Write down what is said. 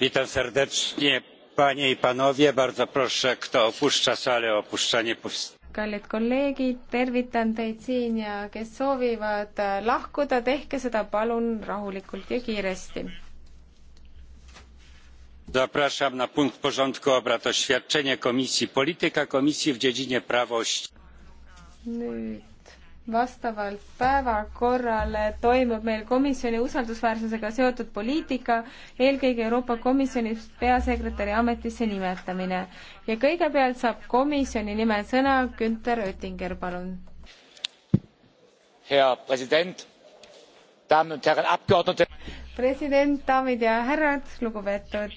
witam serdecznie panie i panowie bardzo proszę kto opuszcza salę o opuszczenie kallid kolleegid tervitan teid siin ja kes soovivad lahkuda tehke seda palun rahulikult ja kiiresti zapraszam na punkt porządku obrad oświadczenie komisji polityka komisji w dziedzinie praw oświatowych vastavalt päevakorrale toimub meil komisjoni usaldusväärsusega seotud poliitika, eelkõige Euroopa Komisjoni peasekretäri ametisse nimetamine. ja kõigepealt saab komisjoni nimel sõna Günter Oettinger, palun. hea president, daamid ja härrad abgeordnete. president, daamid ja härrad, lugupeetud